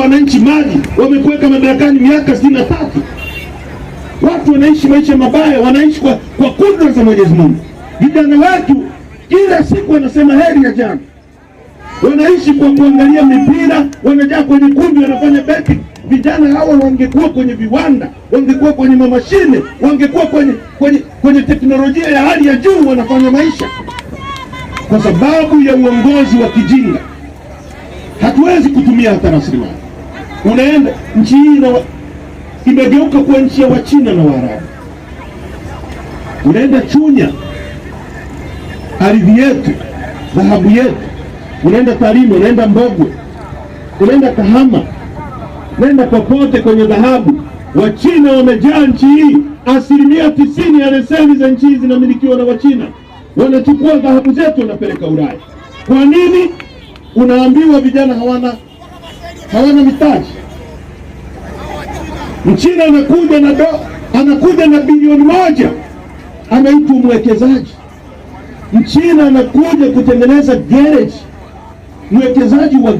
Wananchi maji wamekuweka madarakani miaka sitini na tatu. Watu wanaishi maisha mabaya, wanaishi kwa, kwa kudra za Mwenyezi Mungu. Vijana wetu kila siku wanasema heri ya jana, wanaishi kwa kuangalia mipira, wanajaa kwenye kumbi, wanafanya beti. Vijana hawa wangekuwa kwenye viwanda, wangekuwa kwenye mamashine, wangekuwa kwenye, kwenye, kwenye teknolojia ya hali ya juu, wanafanya maisha kwa sababu ya uongozi wa kijinga kutumia hata rasilimali. Unaenda nchi hii na imegeuka kuwa nchi ya Wachina na Waarabu. Unaenda Chunya, ardhi yetu, dhahabu yetu. Unaenda Tarime, unaenda Mbogwe, unaenda Kahama, unaenda popote kwenye dhahabu. Wachina wamejaa nchi hii. Asilimia tisini ya leseni za nchi hii zinamilikiwa na Wachina. Wanachukua dhahabu zetu wanapeleka Ulaya. Kwa nini unaambiwa vijana hawana hawana mitaji. Mchina anakuja na do, anakuja na bilioni moja anaitwa mwekezaji. Mchina anakuja kutengeneza garage, mwekezaji wa